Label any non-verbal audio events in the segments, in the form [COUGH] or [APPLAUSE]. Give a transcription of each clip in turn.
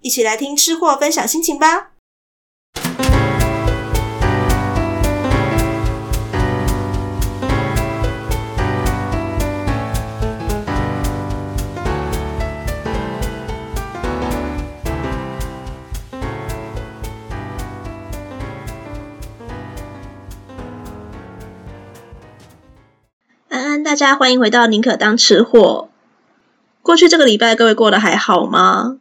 一起來聽吃貨分享心情吧！安安，大家歡迎回到寧可當吃貨。過去這個禮拜，各位過得還好嗎？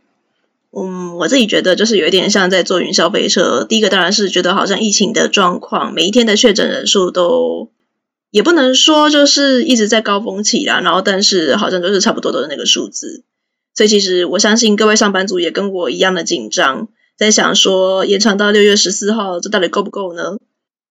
嗯，我自己覺得就是有一點像在坐雲霄飛車。第一個當然是覺得好像疫情的狀況，每一天的確診人數都也不能說就是一直在高峰期啦，然後但是好像都是差不多都是那個數字。所以其實我相信各位上班族也跟我一樣的緊張，在想說延長到六月十四號這到底夠不夠呢？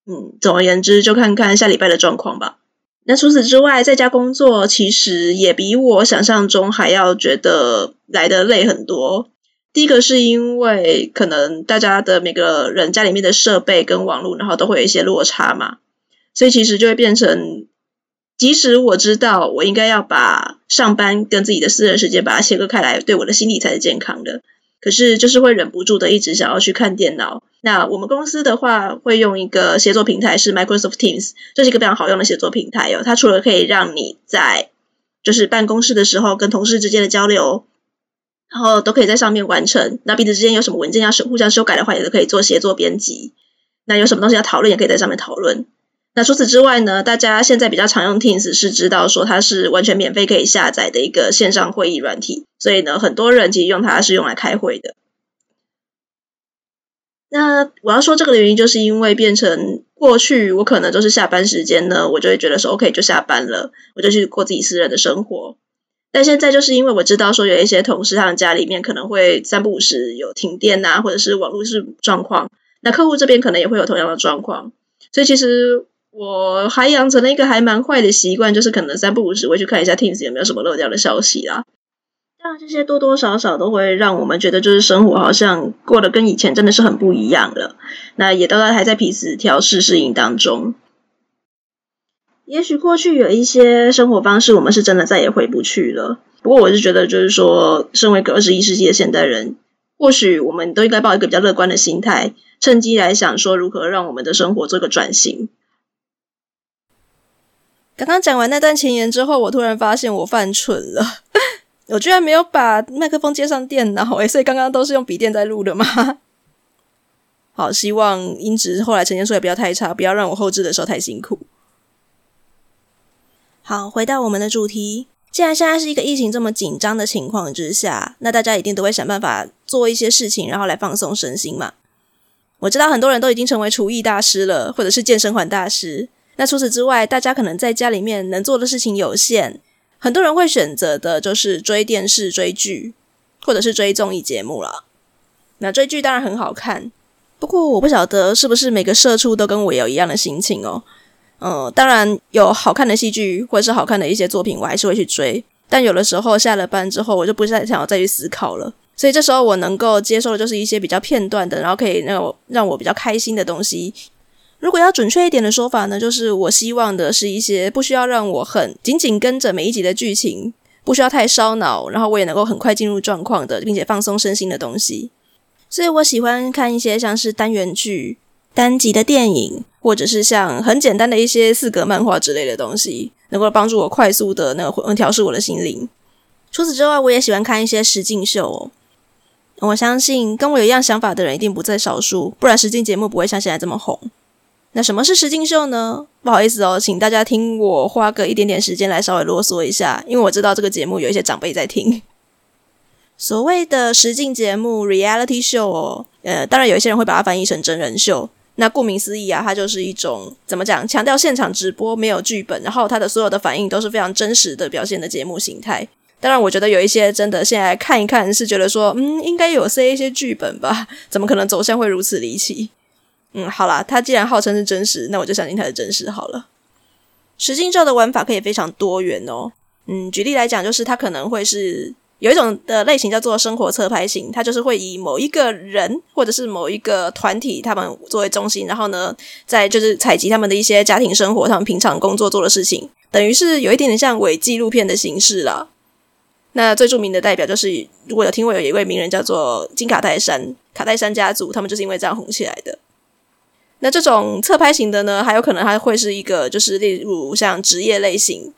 嗯，總而言之就看看下禮拜的狀況吧。那除此之外，在家工作其實也比我想象中還要覺得來得累很多。第一個是因為可能大家的每個人家裡面的設備跟網絡，然後都會有一些落差嘛，所以其實就會變成，即使我知道我應該要把上班跟自己的私人時間把它切割開來，對我的心理才是健康的，可是就是會忍不住的一直想要去看電腦。那我們公司的話，會用一個協作平台是 Microsoft Teams，這是一個非常好用的協作平台哦，它除了可以讓你在就是辦公室的時候跟同事之間的交流。然後都可以在上面完成。那彼此之間有什麼文件要修，互相修改的話，也都可以做協作編輯。那有什麼東西要討論，也可以在上面討論。那除此之外呢，大家現在比較常用 Teams，是知道說它是完全免費可以下載的一個線上會議軟體。所以呢，很多人其實用它是用來開會的。那我要說這個的原因，就是因為變成過去我可能都是下班時間呢，我就會覺得說 OK 就下班了，我就去過自己私人的生活。但現在就是因為我知道說有一些同事他們家裡面可能會三不五時有停電吶、啊，或者是網絡是狀況，那客戶這邊可能也會有同樣的狀況，所以其實我還養成了一個還蠻壞的習慣，就是可能三不五時會去看一下 Teams 有沒有什麼漏掉的消息啦。那這些多多少少都會讓我們覺得就是生活好像過得跟以前真的是很不一樣了。那也都然還在彼此調試適應當中。也許過去有一些生活方式，我們是真的再也回不去了。不過，我是覺得，就是說，身為一個二十一世紀的現代人，或許我們都應該抱一個比較樂觀的心態，趁機來想說如何讓我們的生活做個轉型。剛剛講完那段前言之後，我突然發現我犯蠢了， [LAUGHS] 我居然沒有把麥克風接上電腦誒、欸，所以剛剛都是用筆電在錄的嗎？ [LAUGHS] 好，希望音質後來呈現出來不要太差，不要讓我後製的時候太辛苦。好，回到我們的主題。既然現在是一個疫情這麼緊張的情況之下，那大家一定都會想辦法做一些事情，然後來放鬆身心嘛。我知道很多人都已經成為廚藝大師了，或者是健身環大師。那除此之外，大家可能在家裡面能做的事情有限，很多人會選擇的就是追電視、追劇，或者是追綜藝節目了。那追劇當然很好看，不過我不曉得是不是每個社畜都跟我有一樣的心情哦。呃、嗯，當然有好看的戲劇或者是好看的一些作品，我還是會去追。但有的時候下了班之後，我就不再想要再去思考了。所以這時候我能夠接受的就是一些比較片段的，然後可以讓我讓我比較開心的東西。如果要準確一點的說法呢，就是我希望的是一些不需要讓我很緊緊跟着每一集的劇情，不需要太燒腦，然後我也能夠很快進入狀況的，並且放鬆身心的東西。所以我喜歡看一些像是單元劇。單集的電影，或者是像很簡單的一些四格漫畫之類的東西，能夠幫助我快速的那個調試我的心靈。除此之外，我也喜歡看一些實境秀哦。我相信跟我有一樣想法的人一定不在少數，不然實境節目不會像現在這麼紅。那什麼是實境秀呢？不好意思哦，請大家聽我花個一點點時間來稍微囉嗦一下，因為我知道這個節目有一些長輩在聽。所謂的實境節目 （Reality Show），哦，呃，當然有一些人會把它翻譯成真人秀。那顧名思義啊，它就是一種怎麼講？強調現場直播沒有劇本，然後它的所有的反應都是非常真實的表現的節目形態。當然，我覺得有一些真的現在來看一看是覺得說，嗯，應該有塞一些劇本吧？怎麼可能走向會如此離奇？嗯，好啦，它既然號稱是真實，那我就相信它的真實好了。實境秀的玩法可以非常多元哦。嗯，舉例來講，就是它可能會是。有一種的類型叫做生活側拍型，它就是會以某一個人或者是某一個團體他們作為中心，然後呢，在就是採集他們的一些家庭生活、他們平常工作做的事情，等於是有一點點像偽紀錄片的形式了。那最著名的代表就是，我的聽友有一位名人叫做金卡戴珊，卡戴珊家族他們就是因為這樣紅起來的。那這種側拍型的呢，還有可能還會是一個，就是例如像職業類型。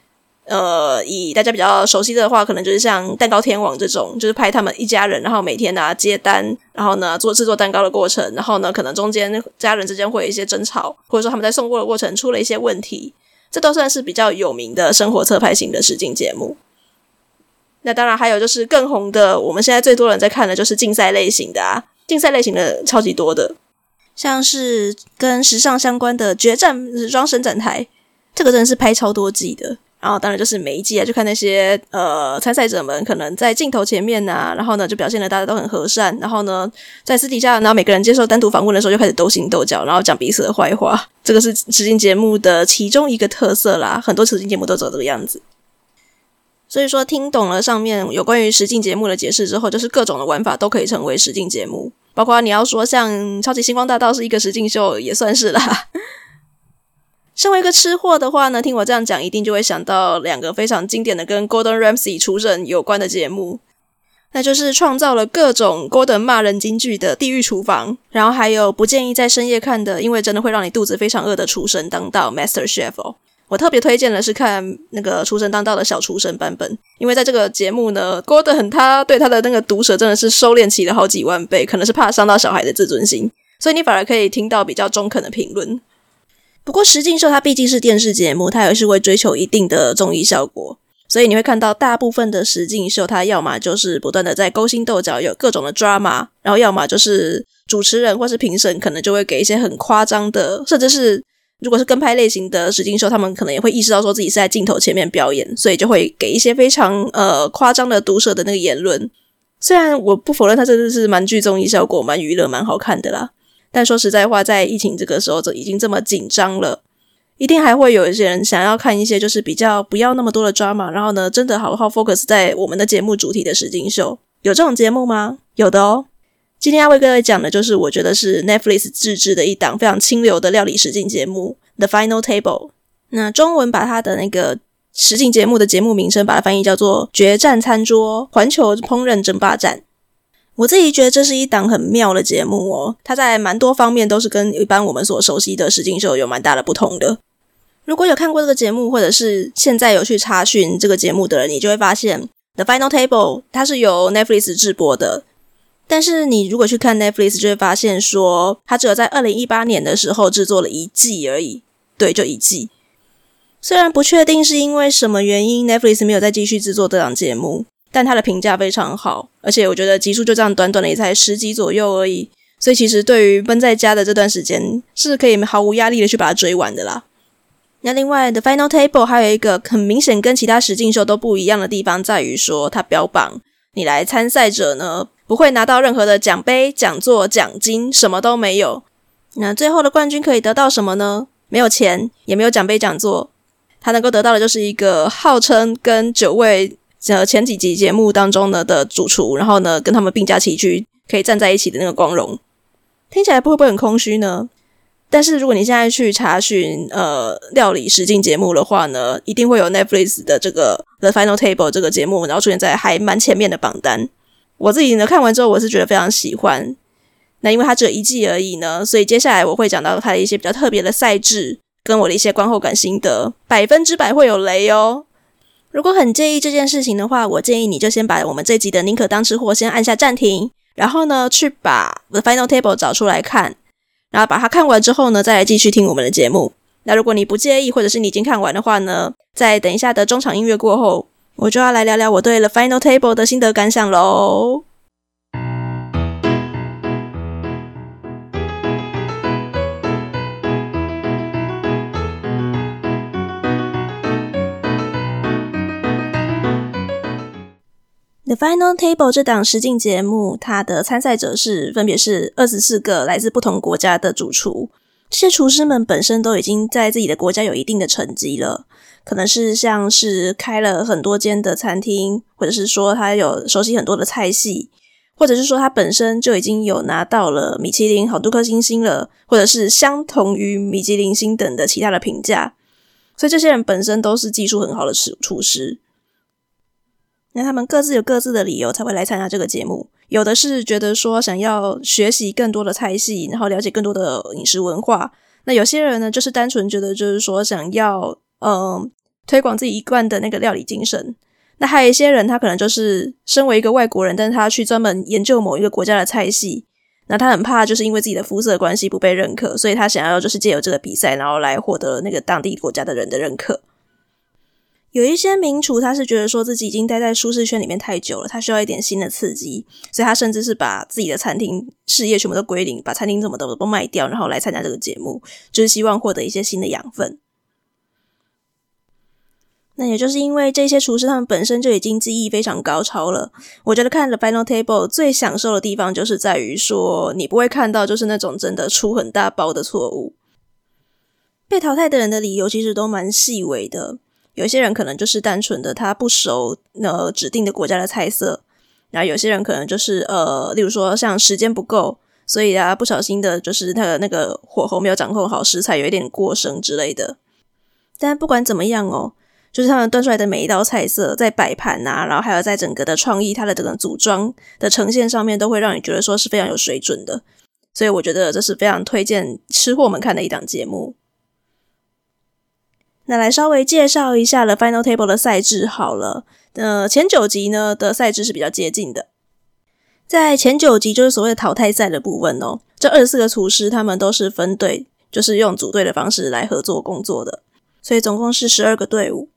呃，以大家比較熟悉的話，可能就是像蛋糕天王這種，就是拍他們一家人，然後每天拿、啊、接單，然後呢做制作蛋糕的過程，然後呢可能中間家人之間會有一些爭吵，或者說他們在送貨的過程出了一些問題，這都算是比較有名的生活側拍型的實境節目。那當然還有就是更紅的，我們現在最多人在看的就是競賽類型的啊，競賽類型的超級多的，像是跟時尚相關的《決戰時裝伸展台》，這個真的是拍超多季的。然後當然就是每一季啊，就看那些呃參賽者們可能在鏡頭前面吶、啊，然後呢就表現得大家都很和善，然後呢在私底下，然後每個人接受單獨訪問的時候就開始勾心鬥角，然後講彼此的壞話，這個是實境節目的其中一個特色啦。很多實境節目都走這個樣子。所以說聽懂了上面有關於實境節目的解釋之後，就是各種的玩法都可以成為實境節目，包括你要說像超級星光大道是一個實境秀，也算是啦。身為一個吃貨的話呢，聽我這樣講，一定就會想到兩個非常經典的跟 Gordon Ramsay 廚神有關的節目，那就是創造了各種 Gordon 罵人金句的《地獄廚房》，然後還有不建議在深夜看的，因為真的會讓你肚子非常餓的《廚神當道》Master Chef 哦。我特別推薦的是看那個《廚神當道》的小廚神版本，因為在這個節目呢，Gordon 他對他的那個毒舌真的是收斂起了好幾萬倍，可能是怕傷到小孩的自尊心，所以你反而可以聽到比較中肯的評論。不過實境秀它畢竟是電視節目，它也是會追求一定的綜藝效果，所以你會看到大部分的實境秀，它要麼就是不斷的在勾心鬥角，有各種的 drama，然後要麼就是主持人或是評審可能就會給一些很誇張的，甚至是如果是跟拍類型的實境秀，他們可能也會意識到說自己是在鏡頭前面表演，所以就會給一些非常呃誇張的毒舌的那個言論。雖然我不否認它真的是蠻具綜藝效果、蠻娛樂、蠻好看的啦。但說實在話，在疫情這個時候就已經這麼緊張了，一定還會有一些人想要看一些就是比較不要那麼多的 drama，然後呢，真的好好 focus 在我們的節目主題的實境秀。有這種節目嗎？有的哦。今天要為各位講的就是我覺得是 Netflix 自製，製的一檔非常清流的料理實境節目《The Final Table》。那中文把它的那個實境節目的節目名稱把它翻譯叫做《決戰餐桌：環球烹飪爭，爭霸戰》。我自己覺得這是一檔很妙的節目哦，它在蠻多方面都是跟一般我們所熟悉的實境秀有蠻大的不同的。如果有看過這個節目，或者是現在有去查詢這個節目的人，你就會發現《The Final Table》它是由 Netflix 製播的，但是你如果去看 Netflix，就會發現說它只有在二零一八年的時候製作了一季而已，對，就一季。雖然不確定是因為什麼原因，Netflix 沒有再繼續製作這檔節目。但他的評價非常好，而且我覺得集數就這樣短短的，也才十集左右而已，所以其實對於蹲在家的這段時間，是可以毫無壓力的去把它追完的啦。那另外 The Final Table 還有一個很明顯跟其他實境秀都不一樣的地方在，在於說他標榜你來參賽者呢不會拿到任何的獎杯、獎座、獎金，什麼都沒有。那最後的冠軍可以得到什麼呢？沒有錢，也沒有獎杯、獎座，他能夠得到的就是一個號稱跟九位。呃，前幾集節目當中呢的的主廚，然後呢跟他們並駕齊驅，可以站在一起的那個光榮，聽起來會不會很空虛呢？但是如果你現在去查詢呃料理實境節目的話呢，一定會有 Netflix 的這個 The Final Table 這個節目，然後出現在還蠻前面的榜單。我自己呢看完之後，我是覺得非常喜歡。那因為它只有一季而已呢，所以接下來我會講到它的一些比較特別的賽制，跟我的一些觀後感心得，百分之百會有雷哦。如果很介意這件事情的話，我建議你就先把我們這集的《寧可當吃貨》先按下暫停，然後呢去把《The Final Table》找出來看，然後把它看完之後呢再來繼續聽我們的節目。那如果你不介意，或者是你已經看完的話呢，在等一下的中場音樂過後，我就要來聊聊我對《The Final Table》的心得感想嘍。The Final Table 這檔實境節目，它的參賽者是分別是二十四個來自不同國家的主廚。這些廚師們本身都已經在自己的國家有一定的成績了，可能是像是開了很多間的餐廳，或者是說他有熟悉很多的菜系，或者是說他本身就已經有拿到了米其林好多顆星星了，或者是相同於米其林星等的其他的評價。所以這些人本身都是技術很好的廚廚師。那他們各自有各自的理由才會來參加這個節目，有的是覺得說想要學習更多的菜系，然後了解更多的飲食文化。那有些人呢，就是單純覺得就是說想要，嗯，推廣自己一貫的那個料理精神。那還有一些人，他可能就是身為一個外國人，但是他去專門研究某一個國家的菜系。那他很怕就是因為自己的膚色關係不被認可，所以他想要就是借由這個比賽，然後來獲得那個當地國家的人的認可。有一些名廚，他是覺得說自己已經待在舒適圈裡面太久了，他需要一點新的刺激，所以他甚至是把自己的餐廳事業全部都歸零，把餐廳什麼的都都賣掉，然後來參加這個節目，就是希望獲得一些新的養分。那也就是因為這些廚師他們本身就已經技藝非常高超了，我覺得看了 Final Table 最享受的地方就是在於說，你不會看到就是那種真的出很大包的錯誤，被淘汰的人的理由其實都蠻細微的。有些人可能就是單純的他不熟，呃，指定的國家的菜色；然後有些人可能就是呃，例如說像時間不夠，所以啊不小心的就是他的那個火候沒有掌控好，食材有一點過生之類的。但不管怎麼樣哦，就是他們端出來的每一道菜色，在擺盤啊，然後還有在整個的創意、它的整個組裝的呈現上面，都會讓你覺得說是非常有水準的。所以我覺得這是非常推薦吃貨們看的一檔節目。那來稍微介紹一下了 Final Table 的賽制好了。呃，前九集呢的賽制是比較接近的，在前九集就是所謂的淘汰賽的部分哦。這二十四個廚師他們都是分隊，就是用組隊的方式來合作工作的，所以總共是十二個隊伍。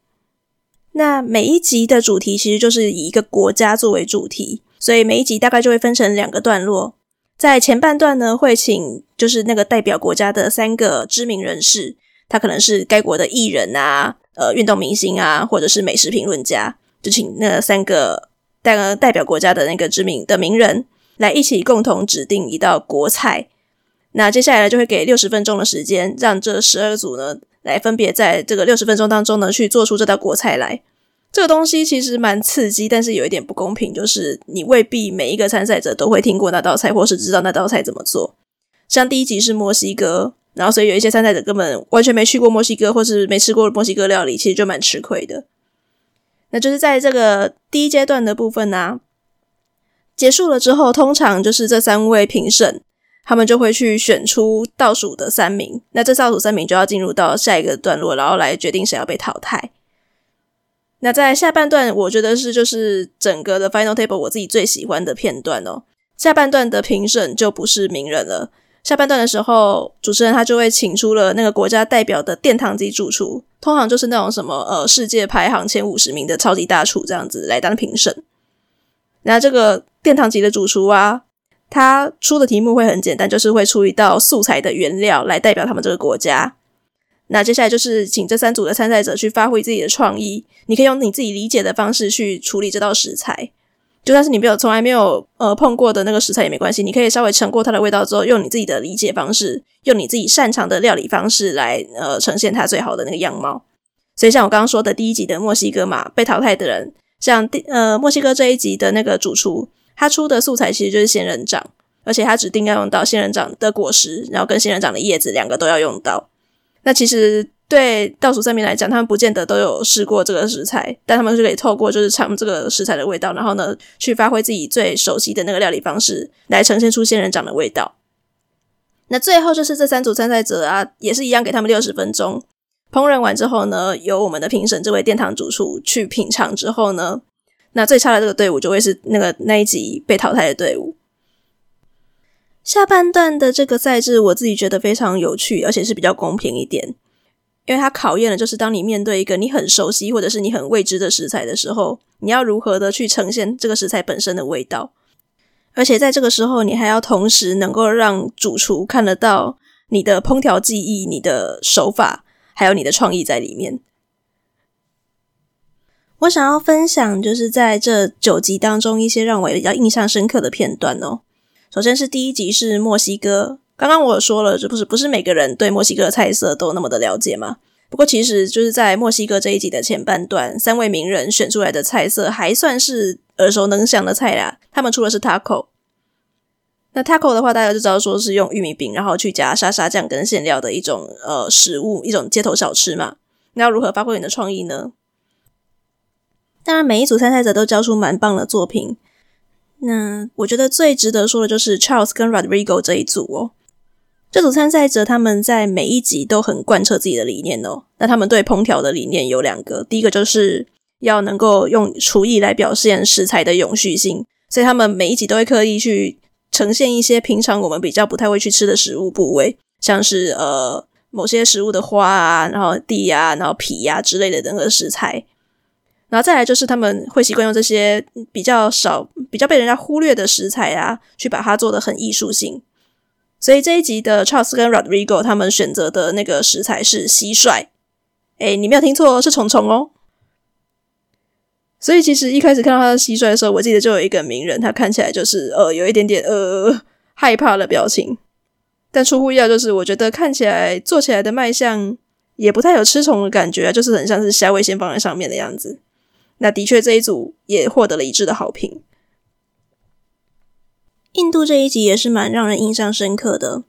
那每一集的主題其實就是以一個國家作為主題，所以每一集大概就會分成兩個段落，在前半段呢會請就是那個代表國家的三個知名人士。他可能是該國的藝人啊，呃，運動明星啊，或者是美食評論家，就請那三個代呃代表國家的那個知名的名人來一起共同指定一道國菜。那接下來呢，就會給六十分鐘的時間，讓這十二組呢來分別在這個六十分鐘當中呢去做出這道國菜來。這個東西其實蠻刺激，但是有一點不公平，就是你未必每一個參賽者都會聽過那道菜，或是知道那道菜怎麼做。像第一集是墨西哥。然後，所以有一些參賽者根本完全沒去過墨西哥，或是沒吃過墨西哥料理，其實就蠻吃虧的。那就是在這個第一階段的部分啊，結束了之後，通常就是這三位評審，他們就會去選出倒數的三名。那這倒數三名就要進入到下一個段落，然後來決定誰要被淘汰。那在下半段，我覺得是就是整個的 Final Table 我自己最喜歡的片段哦。下半段的評審就不是名人了。下半段的時候，主持人他就會請出了那個國家代表的殿堂級主廚，通常就是那種什麼呃世界排行前五十名的超級大廚這樣子來當評審。那這個殿堂級的主廚啊，他出的題目會很簡單，就是會出一道素材的原料來代表他們這個國家。那接下來就是請這三組的參賽者去發揮自己的創意，你可以用你自己理解的方式去處理這道食材。就算是你沒有從來沒有呃碰過的那個食材也沒關係，你可以稍微嘗過它的味道之後，用你自己的理解方式，用你自己擅長的料理方式來呃呈現它最好的那個樣貌。所以像我剛剛說的第一集的墨西哥嘛，被淘汰的人，像第呃墨西哥這一集的那個主廚，他出的素材其實就是仙人掌，而且他指定要用到仙人掌的果實，然後跟仙人掌的葉子兩個都要用到。那其實。對倒數三名來講，他們不見得都有試過這個食材，但他們就可以透過就是嚐這個食材的味道，然後呢，去發揮自己最熟悉的那個料理方式，來呈現出仙人掌的味道。那最後就是這三組參賽者啊，也是一樣，給他們六十分鐘烹飪完之後呢，由我們的評審這位殿堂主廚去品嘗之後呢，那最差的這個隊伍就會是那個那一集被淘汰的隊伍。下半段的這個賽制，我自己覺得非常有趣，而且是比較公平一點。因為它考驗的就是，當你面對一個你很熟悉或者是你很未知的食材的時候，你要如何的去呈現這個食材本身的味道，而且在這個時候，你還要同時能夠讓主廚看得到你的烹調技藝、你的手法，還有你的創意在裡面。我想要分享就是在這九集當中一些讓我也比較印象深刻的片段哦。首先是第一集是墨西哥。剛剛我說了，這不是不是每個人對墨西哥的菜色都那麼的了解嘛？不過其實就是在墨西哥這一集的前半段，三位名人選出來的菜色還算是耳熟能詳的菜啦。他們出的是 taco，那 taco 的話，大家就知道說是用玉米餅，然後去夾沙沙醬跟餡料的一種呃食物，一種街頭小吃嘛。那要如何發揮你的創意呢？當然，每一組參賽者都交出蠻棒的作品。那我覺得最值得說的就是 Charles 跟 Rodrigo 這一組哦。這組參賽者他們在每一集都很貫徹自己的理念哦。那他們對烹調的理念有兩個，第一個就是要能夠用廚藝來表現食材的永續性，所以他們每一集都會刻意去呈現一些平常我們比較不太會去吃的食物部位，像是呃某些食物的花啊，然後蒂啊，然後皮啊之類的等個食材。然後再來就是他們會習慣用這些比較少、比較被人家忽略的食材啊，去把它做得很藝術性。所以這一集的 Charles 跟 Rodrigo 他們選擇的那個食材是蟋蟀，哎、欸，你沒有聽錯，是蟲蟲哦。所以其實一開始看到他的蟋蟀的時候，我記得就有一個名人，他看起來就是呃有一點點呃害怕的表情。但出乎意料，就是我覺得看起來做起來的賣相也不太有吃蟲的感覺啊，就是很像是蝦味先放在上面的樣子。那的確這一組也獲得了一致的好評。印度這一集也是蠻讓人印象深刻的。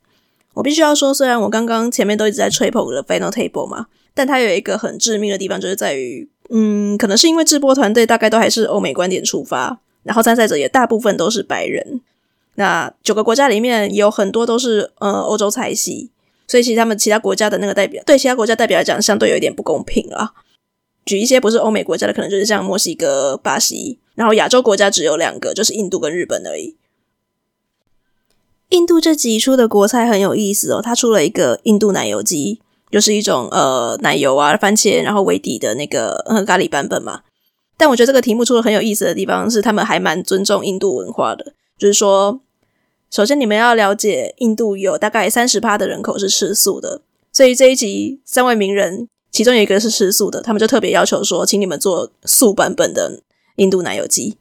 我必須要說，雖然我剛剛前面都一直在吹捧的 Final Table 嘛，但它有一個很致命的地方，就是在於，嗯，可能是因為製播團隊大概都還是歐美觀點出發，然後參賽者也大部分都是白人。那九個國家裡面有很多都是呃歐洲菜系，所以其實他們其他國家的那個代表，對其他國家代表來講，相對有一點不公平啦、啊。舉一些不是歐美國家的，可能就是像墨西哥、巴西，然後亞洲國家只有兩個，就是印度跟日本而已。印度這集出的國菜很有意思哦，他出了一個印度奶油雞，就是一種呃奶油啊番茄、然後為底的那個嗯咖喱版本嘛。但我覺得這個題目出了很有意思的地方是，他們還蠻尊重印度文化的，就是說，首先你們要了解印度有大概三十趴的人口是吃素的，所以這一集三位名人其中有一個是吃素的，他們就特別要求說，請你們做素版本的印度奶油雞。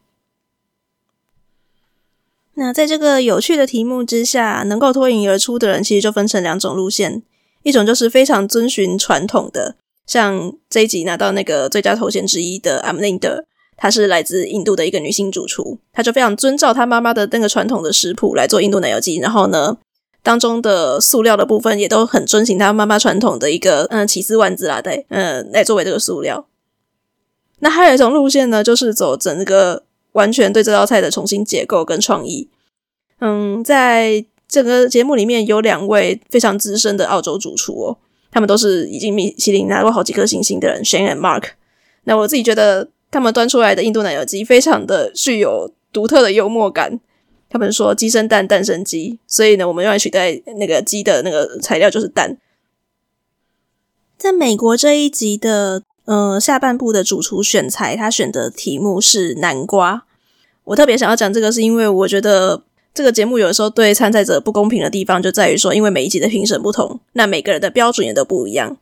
那在這個有趣的題目之下，能夠脫穎而出的人其實就分成兩種路線，一種就是非常遵循傳統的，像這一集拿到那個最佳頭銜之一的 Aminder，她是來自印度的一個女性主廚，她就非常遵照她媽媽的那個傳統的食譜來做印度奶油雞，然後呢，當中的塑料的部分也都很遵循她媽媽傳統的一個嗯起司丸子啦，對，嗯來作為這個塑料。那還有一種路線呢，就是走整個。完全對這道菜的重新解構跟創意，嗯，在這個節目裡面有兩位非常資深的澳洲主廚哦，他們都是已經米其林拿過好幾顆星星的人，Shane and Mark。那我自己覺得他們端出來的印度奶油雞非常的具有獨特的幽默感。他們說雞生蛋蛋生雞，所以呢，我們用來取代那個雞的那個材料就是蛋。在美國這一集的。嗯，下半部的主廚選材，他選的題目是南瓜。我特別想要講這個，是因為我覺得這個節目有的時候對參賽者不公平的地方，就在於說，因為每一集的評審不同，那每個人的標準也都不一樣。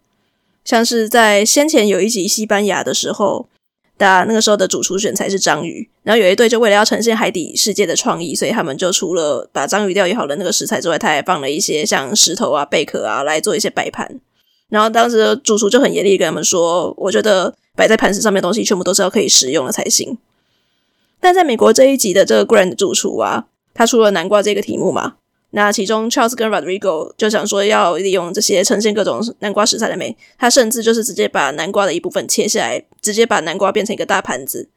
像是在先前有一集西班牙的時候，大家那個時候的主廚選材是章魚，然後有一隊就為了要呈現海底世界的創意，所以他們就除了把章魚料理好的那個食材之外，他還放了一些像石頭啊、貝殼啊來做一些擺盤。然後當時的主廚就很嚴厲跟他們說：“我覺得擺在盤子上面的東西全部都是要可以食用的才行。”但在美國這一集的這個 Grant 主廚啊，他出了南瓜這個題目嘛，那其中 Charles 跟 Rodrigo 就想說要利用這些呈現各種南瓜食材的美，他甚至就是直接把南瓜的一部分切下來，直接把南瓜變成一個大盤子。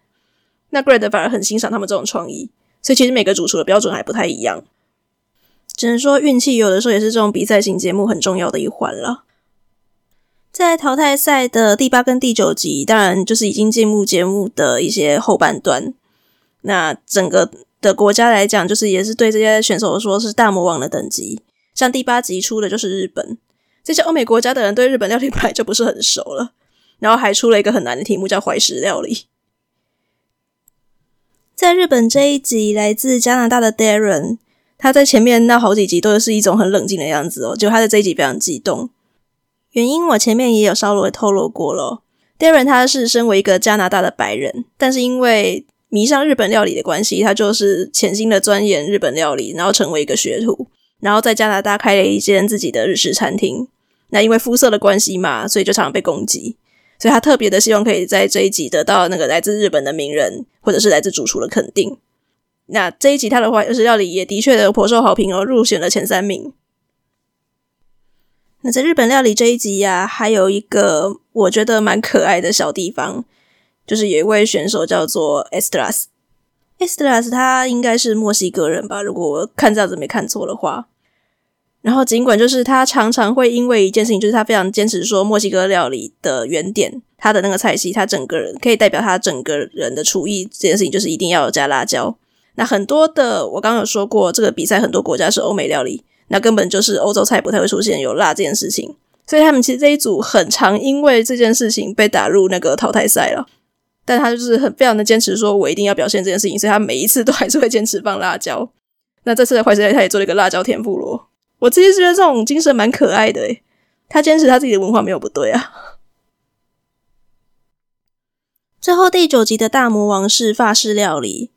那 Grant 反而很欣賞他們這種創意，所以其實每個主廚的標準還不太一樣，只能說運氣有的時候也是這種比賽型節目很重要的一環了。在淘汰賽的第八跟第九集，當然就是已經進入節目的一些後半段。那整個的國家來講，就是也是對這些選手說是大魔王的等級。像第八集出的就是日本，這些歐美國家的人對日本料理本來就不是很熟了，然後還出了一個很難的題目，叫懷石料理。在日本這一集，來自加拿大的 Darren，他在前面那好幾集都是一種很冷靜的樣子哦，就他的這一集非常激動。原因我前面也有稍微透露過咯 Darren 他是身為一個加拿大的白人，但是因為迷上日本料理的關係，他就是潛心的鑽研日本料理，然後成為一個學徒，然後在加拿大開了一間自己的日式餐廳。那因為膚色的關係嘛，所以就常常被攻擊，所以他特別的希望可以在這一集得到那個來自日本的名人或者是來自主廚的肯定。那這一集他的話，日式料理也的確的頗受好評哦，而入選了前三名。那在日本料理這一集呀、啊，還有一個我覺得蠻可愛的小地方，就是有一位選手叫做 Estras。Estras 他應該是墨西哥人吧，如果我看這樣子沒看錯的話。然後儘管就是他常常會因為一件事情，就是他非常堅持說墨西哥料理的原點，他的那個菜系，他整個人可以代表他整個人的廚藝這件事情，就是一定要有加辣椒。那很多的我剛剛有說過，這個比賽很多國家是歐美料理。那根本就是歐洲菜，不太會出現有辣這件事情，所以他們其實這一組很常因為這件事情被打入那個淘汰賽了。但他就是很非常的堅持，說我一定要表現這件事情，所以他每一次都還是會堅持放辣椒。那這次的懷石他也做了一個辣椒天婦羅，我其實覺得這種精神蠻可愛的耶。他堅持他自己的文化沒有不對啊。最後第九集的大魔王是法式料理。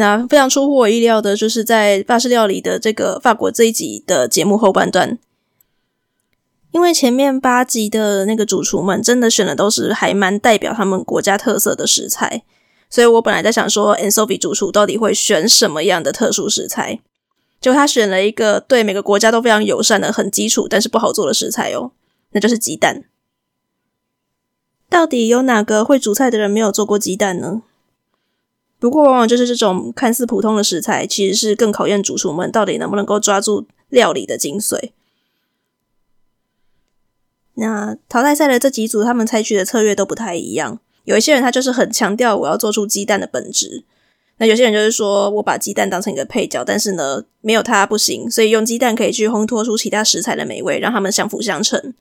那非常出乎我意料的，就是在法式料理的這個法國這一集的節目後半段，因為前面八集的那個主廚們真的選的都是還蠻代表他們國家特色的食材，所以我本來在想說 Anne-Sophie 主廚到底會選什麼樣的特殊食材，結果他選了一個對每個國家都非常友善的、很基礎但是不好做的食材哦，那就是雞蛋。到底有哪個會煮菜的人沒有做過雞蛋呢？不過，往往就是這種看似普通的食材，其實是更考驗主廚們到底能不能夠抓住料理的精髓。那淘汰賽的這幾組，他們採取的策略都不太一樣。有一些人他就是很強調我要做出雞蛋的本質，那有些人就是說我把雞蛋當成一個配角，但是呢，沒有它不行，所以用雞蛋可以去烘托出其他食材的美味，讓他們相輔相成。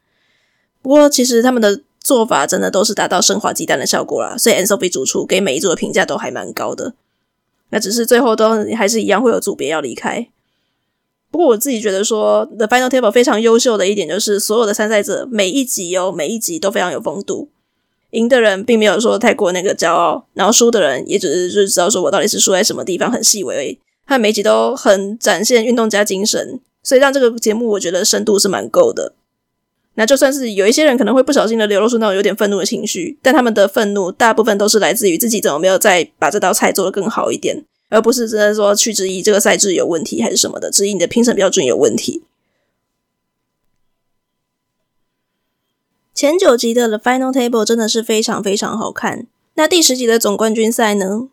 不過，其實他們的。做法真的都是達到升華雞蛋的效果啦，所以、Anthony 主廚給每一組的評價都還蠻高的。那只是最後都還是一樣會有組別要離開。不過我自己覺得說，The Final Table 非常優秀的一點就是，所有的參賽者每一集哦，每一集都非常有風度。贏的人並沒有說太過那個驕傲，然後輸的人也只是就知道說我到底是輸在什麼地方，很細微而已。他每一集都很展現運動家精神，所以讓這個節目我覺得深度是蠻夠的。那就算是有一些人可能會不小心的流露出那種有點憤怒的情緒，但他們的憤怒大部分都是來自於自己怎麼沒有再把這道菜做得更好一點，而不是真的說去質疑這個賽制有問題還是什麼的，質疑你的評審標準有問題。前九集的 The Final Table 真的是非常非常好看。那第十集的總冠軍賽呢？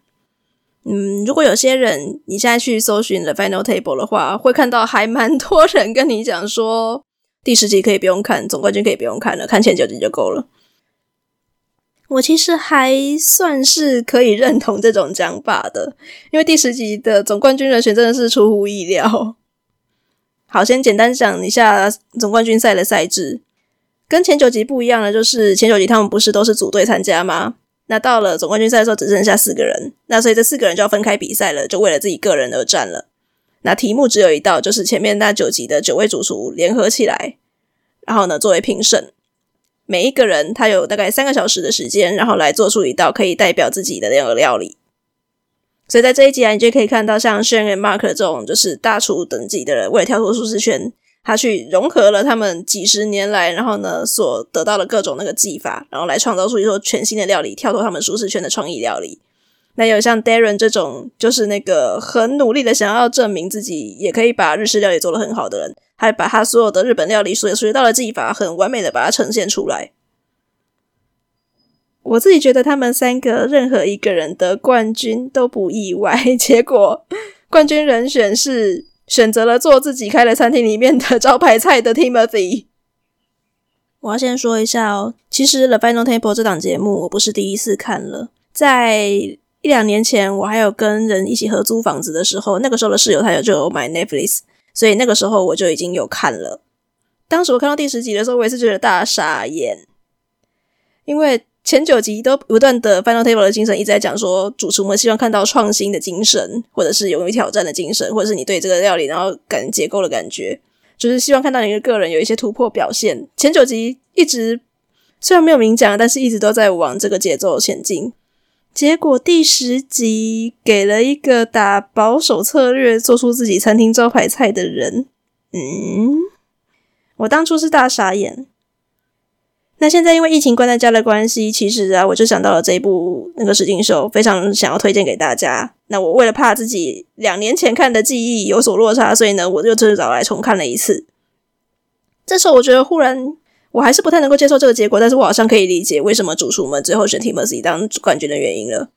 嗯，如果有些人你現在去搜尋 The Final Table 的話，會看到還蠻多人跟你講說。第十集可以不用看，總冠軍可以不用看了，看前九集就夠了。我其實還算是可以認同這種講法的，因為第十集的總冠軍人選真的是出乎意料。好，先簡單講一下總冠軍賽的賽制，跟前九集不一樣的就是前九集他們不是都是組隊參加嗎？那到了總冠軍賽的時候只剩下四個人，那所以這四個人就要分開比賽了，就為了自己個人而戰了。那題目只有一道，就是前面那九集的九位主廚聯合起來，然後呢，作為評審，每一個人他有大概三個小時的時間，然後來做出一道可以代表自己的那個料理。所以在這一集啊，你就可以看到像 Shane 跟 Mark 這種就是大廚等級的人，為了跳脫舒適圈，他去融合了他們幾十年來，然後呢所得到的各種那個技法，然後來創造出一種全新的料理，跳脫他們舒適圈的創意料理。那也有像 Darren 這種，就是那個很努力的想要證明自己也可以把日式料理做得很好的人，還把他所有的日本料理所有學到的技法，很完美的把它呈現出來。我自己覺得他們三個任何一個人得冠軍都不意外。結果冠軍人選是選擇了做自己開了餐廳裡面的招牌菜的 Timothy。我要先說一下哦，其實《The Final Table》這檔節目我不是第一次看了，在，一兩年前，我還有跟人一起合租房子的時候，那個時候的室友他就有就買 Netflix，所以那個時候我就已經有看了。當時我看到第十集的時候，我也是覺得大傻眼，因為前九集都不斷的 Final Table 的精神一直在講說，主廚們希望看到創新的精神，或者是勇於挑戰的精神，或者是你對這個料理然後感覺結構的感覺，就是希望看到你的個人有一些突破表現。前九集一直雖然沒有明講，但是一直都在往這個節奏前進。結果第十集給了一個打保守策略，做出自己餐廳招牌菜的人。嗯，我當初是大傻眼。那現在因為疫情關在家的關係，其實啊，我就想到了這一部那個實境秀，非常想要推薦給大家。那我為了怕自己兩年前看的記憶有所落差，所以呢，我就趁早來重看了一次。這時候，我覺得忽然，我還是不太能夠接受這個結果，但是我好像可以理解為什麼主廚們最後選 Timothy 當冠軍的原因了，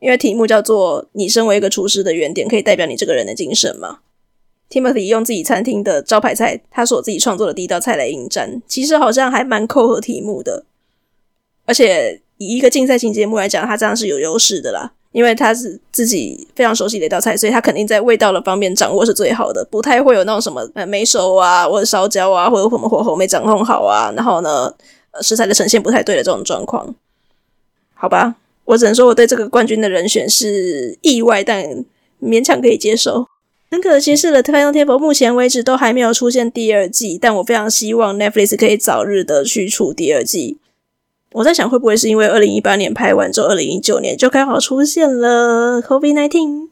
因為題目叫做“你身為一個廚師的原點可以代表你這個人的精神嗎？”Timothy 用自己餐廳的招牌菜，他所自己創作的第一道菜來應戰，其實好像還蠻扣合題目的，而且以一個競賽型節目來講，他這樣是有優勢的啦。因為他是自己非常熟悉的一道菜，所以他肯定在味道的方面掌握是最好的，不太會有那種什麼呃沒熟啊，或者燒焦啊，或者什麼火候沒掌控好啊，然後呢、呃、食材的呈現不太對的這種狀況。好吧，我只能說我對這個冠軍的人選是意外，但勉強可以接受。很、嗯、可惜的是，《The Final Table》目前為止都還沒有出現第二季，但我非常希望 Netflix 可以早日的推出第二季。我在想，會不會是因為二零一八年拍完之後，二零一九年就剛好出現了 COVID nineteen，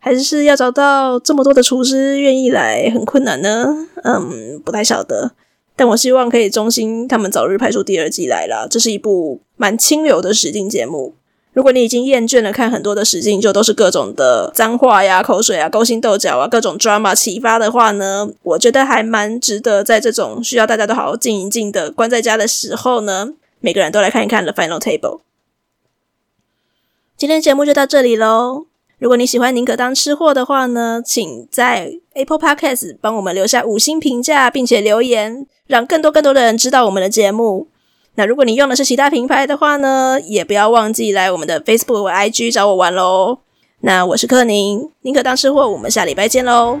還是是要找到這麼多的廚師願意來很困難呢？嗯，不太曉得。但我希望可以衷心他們早日拍出第二季來啦。這是一部蠻清流的實境節目。如果你已經厭倦了看很多的實境，就都是各種的髒話呀、口水啊、勾心鬥角啊、各種 drama 啟發的話呢，我覺得還蠻值得在這種需要大家都好好靜一靜的關在家的時候呢。每個人都來看一看 The Final Table。今天節目就到這裡嘍。如果你喜歡寧可當吃貨的話呢，請在 Apple Podcast 幫我們留下五星評價，並且留言，讓更多更多的人知道我們的節目。那如果你用的是其他品牌的話呢，也不要忘記來我們的 Facebook 和 IG 找我玩嘍。那我是柯寧，寧可當吃貨，我們下禮拜見嘍。